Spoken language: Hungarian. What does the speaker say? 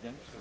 président